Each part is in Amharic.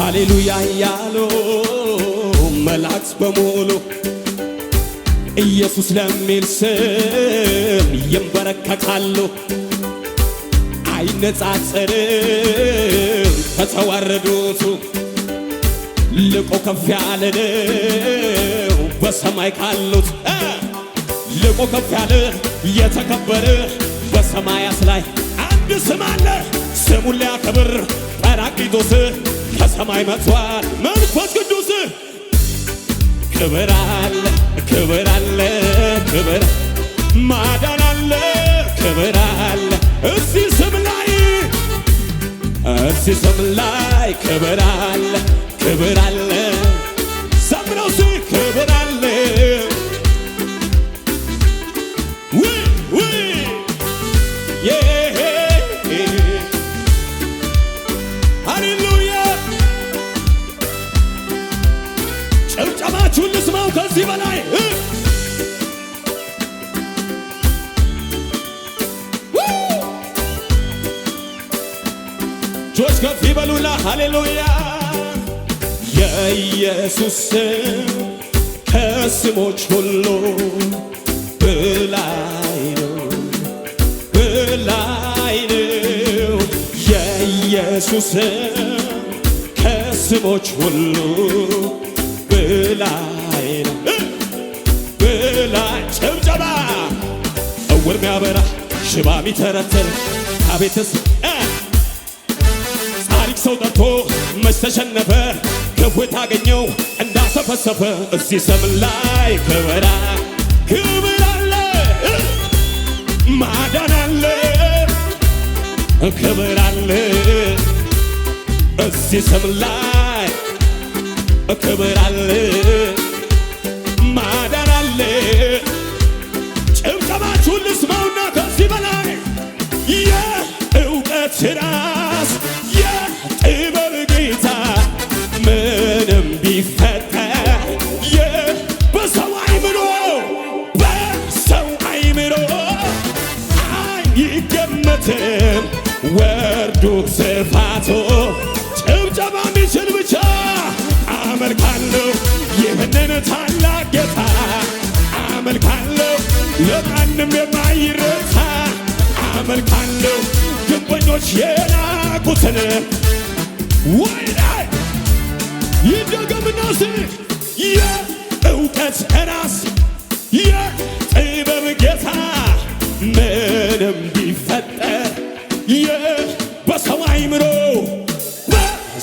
ሃሌሉያ እያሉ መላእክት በሙሉ ኢየሱስ ለሚል ስም ይንበረከካሉ። አይነጻጸርም ከተዋረዱቱ ልቆ ከፍ ያለ ነው በሰማይ ካሉት ልቆ ከፍ ያለ የተከበረ በሰማያት ላይ አንድ ስም አለ ስሙን ሊያከብር ጰራቅሊጦስ ከሰማይ መጥቷል መንፈስ ቅዱስ ክብር አለ ክብር አለ ክብር ማዳን አለ ክብር አለ እሲ ስም ላይ እሲ ስም ላይ ክብር አለ ክብር አለ በኢየሱስ ስም ከስሞች ሁሉ በላይ ነው፣ በላይ ነው የኢየሱስ ከስሞች ሁሉ በላይ ነው፣ በላይ ጭብጨባ እውር ሚያበራ ሽባ ሚተረተር አቤትስ ጻድቅ ሰው ጠርቶ መች ተሸነፈ ሲደገፉት አገኘው እንዳሰፈሰፈ እዚህ ሰምን ላይ ክብራ ክብር አለ ማዳን አለ ክብር አለ እስቲ ሰምን ላይ ክብር አለ ማዳን አለ ጭብጨባችሁን ልስማውና ከዚህ በላይ የእውቀት ሥራ ዱክ ስፋቶ ጭብጨባ ሚችል ብቻ አመልካለሁ ይህንን ታላቅ ጌታ አመልካለሁ ለማንም የማይረታ አመልካለሁ ግንበኞች የናቁትን ወይዳ ይደገምና ስ የእውቀት ራስ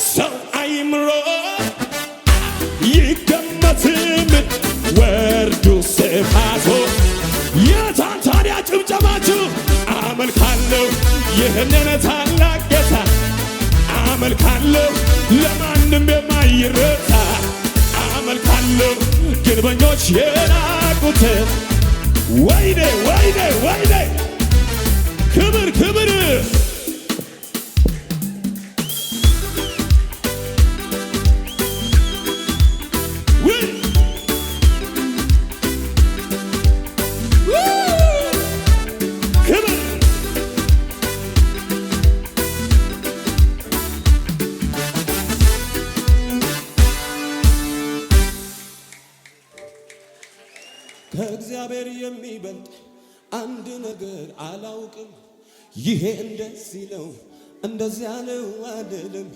ሰው አይምሮ ይገመትም ወርዱ ስፋቶ የታን ታዲያ ጭብጨባችሁ አመልካለሁ ይህንን ታላቅ ጌታ አመልካለሁ ለማንም የማይረታ አመልካለሁ ግንበኞች የናቁት ወይኔ ወይኔ ወይኔ ከእግዚአብሔር የሚበልጥ አንድ ነገር አላውቅም። ይሄ እንደዚህ ነው እንደዚህ ነው አልልም፣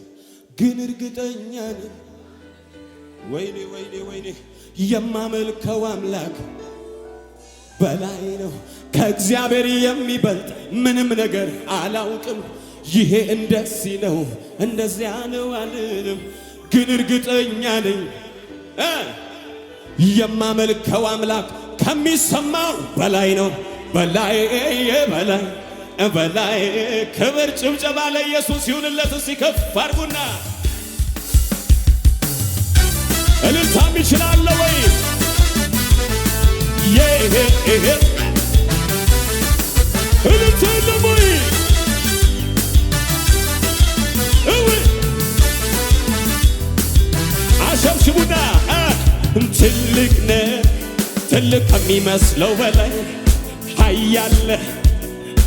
ግን እርግጠኛ ነኝ። ወይኔ ወይኔ ወይኔ የማመልከው አምላክ በላይ ነው። ከእግዚአብሔር የሚበልጥ ምንም ነገር አላውቅም። ይሄ እንደዚህ ነው እንደዚያ ነው አልልም፣ ግን እርግጠኛ ነኝ የማመልከው አምላክ ከሚሰማው በላይ ነው። በላይ በላይ በላይ ክብር ጭብጨባ ለኢየሱስ ይሁንለት። እስቲ ከፍ አድርጉና እልልታም ይችላለ ወይ ይሄ እልልታ የለም ወይ ትልቅ ከሚመስለው በላይ ኃያል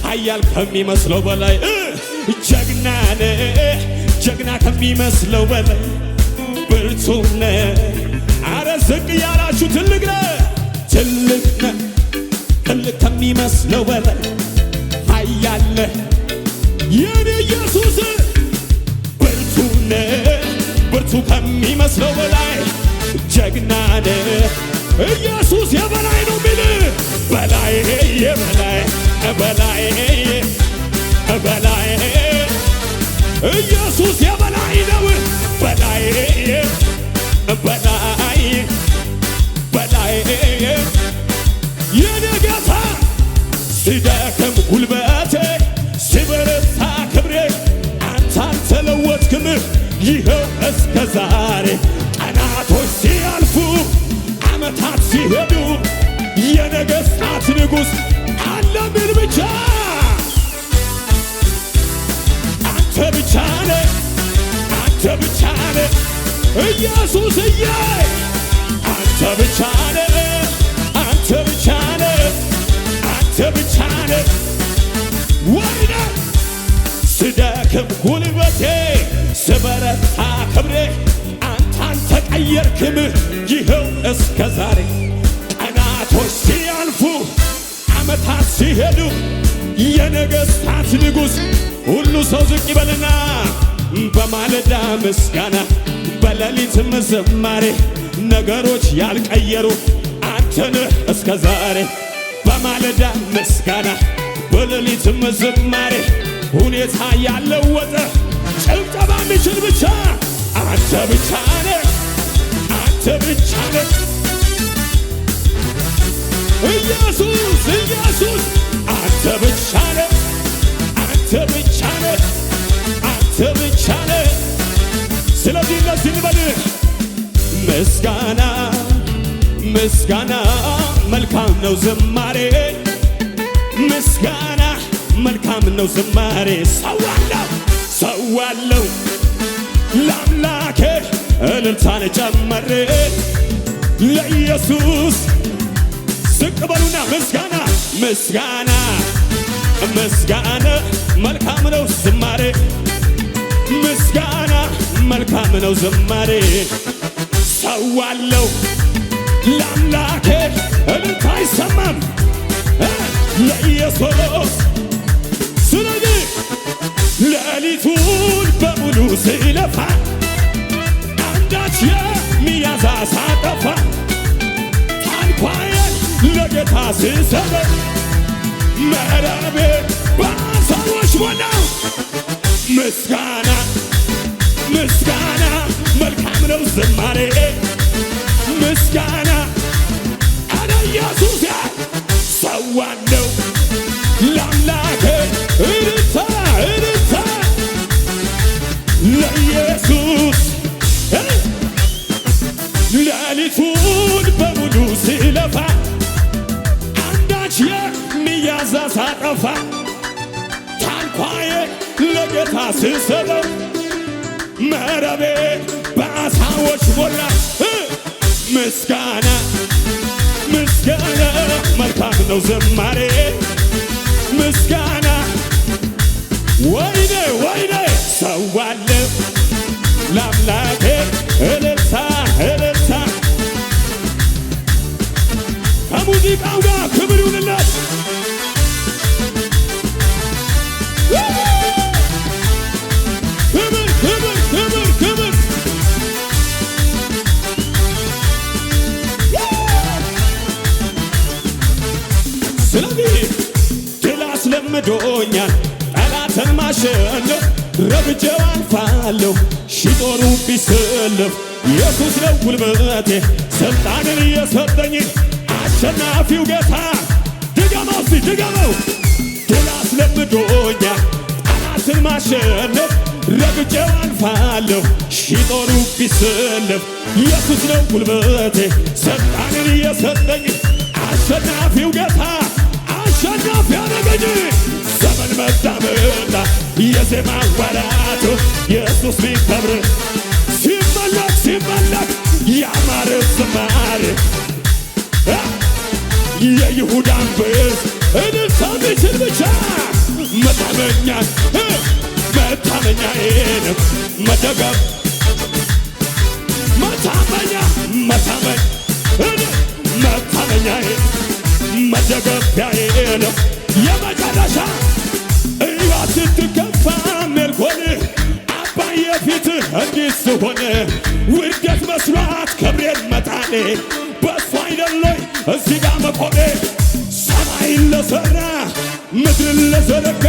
ኃያል ከሚመስለው በላይ ጀግናነ ጀግና ከሚመስለው በላይ ብርቱ ነህ። አረ ዝቅ ያላችሁ ትልቅ ነህ ትልቅ ነህ ትልቅ ከሚመስለው በላይ ኃያል ነህ የኔ ኢየሱስ ብርቱ ብርቱ ከሚመስለው በላይ ጀግናነ። ኢየሱስ የበላይ ነው ሚል በላይ የበላይ በላይ በላይ ኢየሱስ የበላይ ነው በላይ በላይ በላይ የኔ ጌታ ሲደክም ጉልበቴ ሲበረታ ክብሬ አንተ አልተለወጥክም ይኸው እስከ ዛሬ ቀናቶች ሲያልፉ ሰማዕታት ሲሄዱ የነገሥታት ንጉሥ አለምን ብቻ አንተ ብቻ ነ አንተ ብቻ ነ ኢየሱስዬ አንተ ብቻ ነ አንተ ብቻ ነ አንተ ብቻ ነ ወይነ ስደክም ጉልበቴ ስበረት አልቀየርክም ይኸው እስከ ዛሬ ቀናቶች ሲያልፉ ዓመታት ሲሄዱ የነገሥታት ንጉሥ ሁሉ ሰው ዝቅ ይበልና በማለዳ ምስጋና በሌሊት ዝማሬ ነገሮች ያልቀየሩ አንተን እስከ ዛሬ በማለዳ ምስጋና በሌሊት ዝማሬ ሁኔታ ያለወጠ ጭብጨባ የሚችል ብቻ አንተ ብቻ ነህ ተምቻለሁ። ኢየሱስ ኢየሱስ አንተ ብቻ ነህ፣ አንተ ብቻ ነህ፣ አንተ ብቻ ነህ። ስለዚህ እነዚህ ምስጋና ምስጋና መልካም ነው ዝማሬ ምስጋና መልካም ነው ዝማሬ ሰዋለሁ ሰዋለሁ ላምላ እልልታን ጨመሬ ለኢየሱስ ዝቅ በሉና ምስጋና ምስጋና ምስጋና መልካም ነው ዝማሬ ምስጋና መልካም ነው ዝማሬ ሰዋለው ለአምላኬ እልልታ አይሰማም ለኢየሱስ ስለዚህ ሌሊቱን በሙሉ ሲለፋ የሚያዛ ሳጠፋ ታንኳዬ ለጌታ ስሰጥ መረቤ በሰዎች ሞላ ምስጋና ምስጋና መልካም ነው ዝማሬ ምስጋና አነ ኢየሱስ ስስበው መረቤ በአሳዎች ሞላ። ምስጋና ምስጋና መልካም ነው ዘማሬ ምስጋና ወይኔ ወይኔ ሰዋለ ለአምላኬ እልልታ እልልታ ከሙዚቃው ጋር ክብር ይሁንለት። ረዶኛል። ጠላትን ማሸነፍ ረግቼው አልፋለሁ። ሽጦሩ ቢሰለፍ ኢየሱስ ነው ጉልበቴ፣ ሥልጣንን የሰጠኝ አሸናፊው ጌታ። ድገመው እስቲ ድገመው። ድል አስለምዶኛል። ጠላትን ማሸነፍ ረግቼው አልፋለሁ። ሽጦሩ ቢሰለፍ ኢየሱስ ነው ጉልበቴ፣ ሥልጣንን የሰጠኝ አሸናፊው ጌታ አናፍ ያደረገኝ ዘመን መጣብና የዜማ ወራቱ ኢየሱስ ሚከብር ሲመለክ ሲመለክ ያማረ ዝማሬ የይሁዳን አንበስ እልልታ ቢችል ብቻ መታመኛ መታመኛ መደገፍ መታመኛ መታመኛ መታመኛ መደገፊያዬ ነው የመጨረሻ እያ ስትከፋ ሜልኮን አባዬ ፊት እንዲህ ስሆን ውርደት መስሏት ክብሬን መጣኔ በሱ አይደለይ እዚህ ጋ መቆሜ ሰማይን ለሠራ ምድርን ለዘረጋ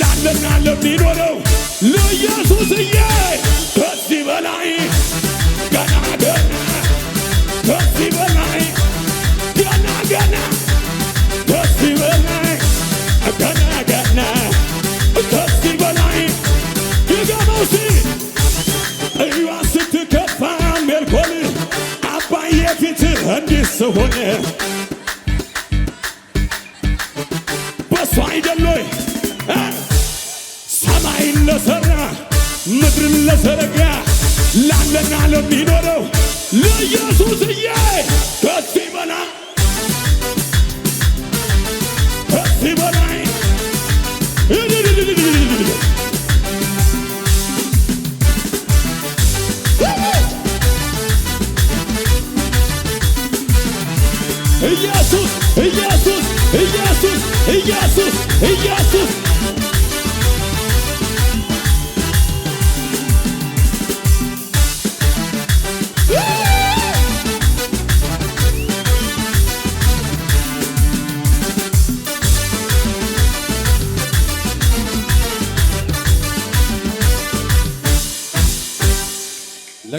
ላለና ለሚኖረው ለኢየሱስዬ ከዚህ በላይ ገና ገና ከዚህ በላይ ሆነ በሷ አይደሎይ ሰማይን ለሰራ ምድርን ለዘረጋ ላለና ለሚኖረው ለኢየሱስዬ ከዚህ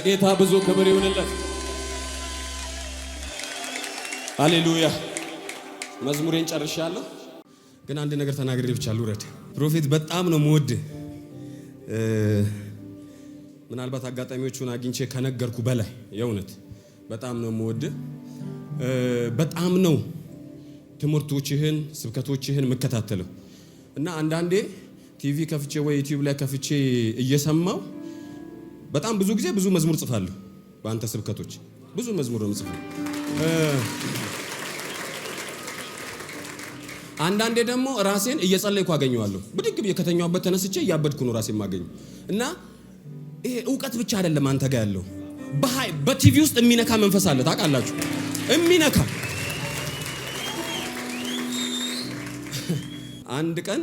ለጌታ ብዙ ክብር ይሁንለት። አሌሉያ። መዝሙሬን ጨርሻለሁ፣ ግን አንድ ነገር ተናግሬ ብቻ ልውረድ። ፕሮፌት በጣም ነው ምወድ። ምናልባት አጋጣሚዎቹን አግኝቼ ከነገርኩ በላይ የእውነት በጣም ነው ምወድ። በጣም ነው ትምህርቶችህን፣ ስብከቶችህን የምከታተለው እና አንዳንዴ ቲቪ ከፍቼ ወይ ዩቲዩብ ላይ ከፍቼ እየሰማው በጣም ብዙ ጊዜ ብዙ መዝሙር ጽፋለሁ። በአንተ ስብከቶች ብዙ መዝሙር ነው ጽፋ። አንዳንዴ ደግሞ ራሴን እየጸለይኩ አገኘዋለሁ። ብድግ ብዬ ተነስቼ እያበድኩ ነው ራሴን ማገኘው እና ይሄ እውቀት ብቻ አይደለም አንተ ጋር ያለው በቲቪ ውስጥ የሚነካ መንፈስ አለ። ታውቃላችሁ የሚነካ አንድ ቀን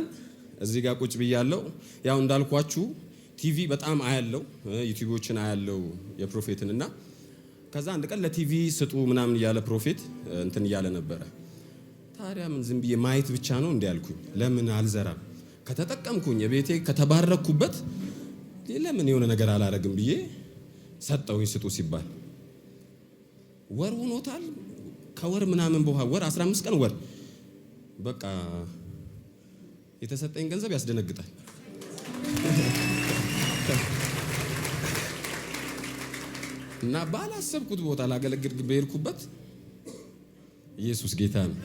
እዚህ ጋር ቁጭ ብያለው ያው እንዳልኳችሁ ቲቪ በጣም አያለው ዩቲዩቦችን አያለው የፕሮፌትን እና ከዛ አንድ ቀን ለቲቪ ስጡ ምናምን እያለ ፕሮፌት እንትን እያለ ነበረ። ታዲያ ምን ዝም ብዬ ማየት ብቻ ነው እንዲ ለምን አልዘራም? ከተጠቀምኩኝ የቤቴ ከተባረኩበት ለምን የሆነ ነገር አላረግም ብዬ ሰጠውኝ። ስጡ ሲባል ወር ሆኖታል። ከወር ምናምን በኋላ ወር 15 ቀን ወር በቃ የተሰጠኝ ገንዘብ ያስደነግጣል። እና ባላሰብኩት ቦታ ላገለግል በሄድኩበት ኢየሱስ ጌታ ነው።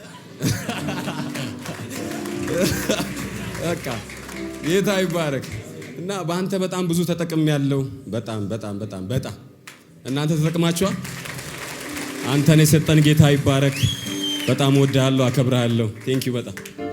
በቃ ጌታ ይባረክ እና በአንተ በጣም ብዙ ተጠቅም ያለው በጣም በጣም በጣም በጣም እናንተ ተጠቅማችኋል። አንተን የሰጠን ጌታ ይባረክ። በጣም ወዳለሁ፣ አከብራለሁ። ቴንኪዩ በጣም